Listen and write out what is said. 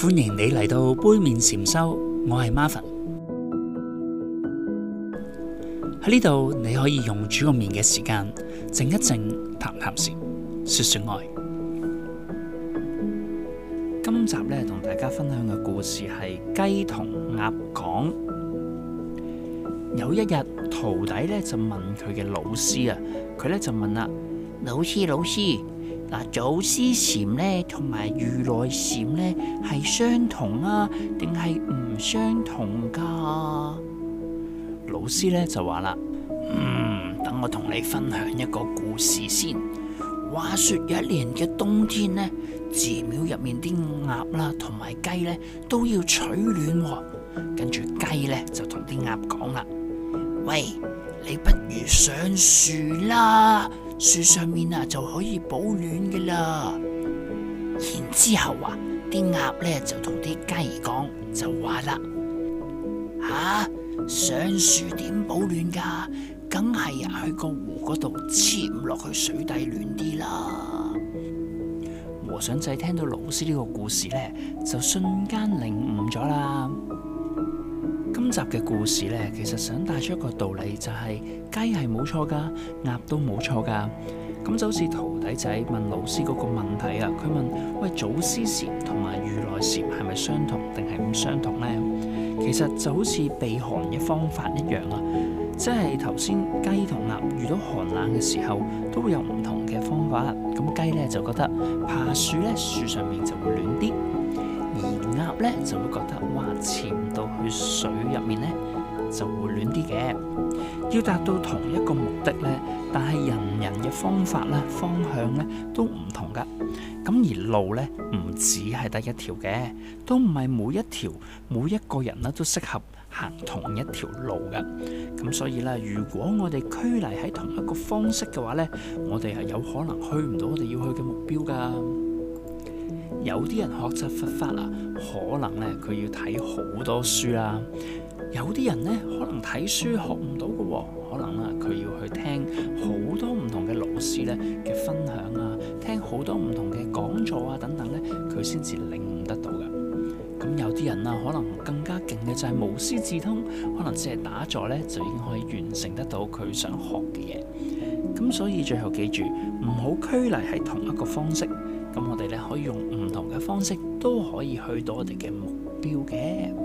歡迎你嚟到杯麵禪修，我係 Marvin。喺呢度你可以用煮個麵嘅時間，靜一靜，談談事，說說愛。今集呢，同大家分享嘅故事係雞同鴨講。有一日，徒弟呢就問佢嘅老師啊，佢呢就問啦：老師，老師。嗱，祖師禪呢同埋如來禪呢係相同啊，定係唔相同噶老師呢就話啦，嗯，等我同你分享一個故事先。話說有一年嘅冬天呢，寺廟入面啲鴨啦同埋雞呢都要取暖，跟住雞呢就同啲鴨講啦，喂，你不如上樹啦！樹上面啊就可以保暖嘅啦，然之後啊啲鴨咧就同啲雞講，就話啦吓，上樹點保暖噶？梗係去個湖度潛落去水底暖啲啦。和尚仔聽到老師呢個故事咧，就瞬間領悟咗啦。嘅故事咧，其實想帶出一個道理，就是，就係雞係冇錯噶鴨都冇錯噶咁就好似徒弟仔問老師嗰個問題啊，佢問「喂，祖師禪同埋如來禪係咪相同定係唔相同呢？」其實就好似避寒嘅方法一樣啊，即係頭先雞同鴨遇到寒冷嘅時候，都會有唔同嘅方法。咁雞呢，就覺得爬樹呢，樹上面就會暖啲。咧就會覺得哇，潛到去水入面呢，就會暖啲嘅。要達到同一個目的呢，但係人人嘅方法咧、方向呢都唔同噶。咁而路呢，唔止係得一條嘅，都唔係每一條、每一個人啦都適合行同一條路噶。咁所以呢，如果我哋拘泥喺同一個方式嘅話呢，我哋係有可能去唔到我哋要去嘅目標噶。有啲人學習佛法啊，可能咧佢要睇好多書啦；有啲人咧可能睇書學唔到嘅喎，可能啊佢要去聽好多唔同嘅老師咧嘅分享啊，聽好多唔同嘅講座啊等等咧，佢先至領悟得到嘅。咁有啲人啊，可能更加勁嘅就係無師自通，可能只係打坐咧就已經可以完成得到佢想學嘅嘢。咁所以最後記住，唔好拘泥喺同一個方式。咁我哋咧可以用唔同嘅方式，都可以去到我哋嘅目標嘅。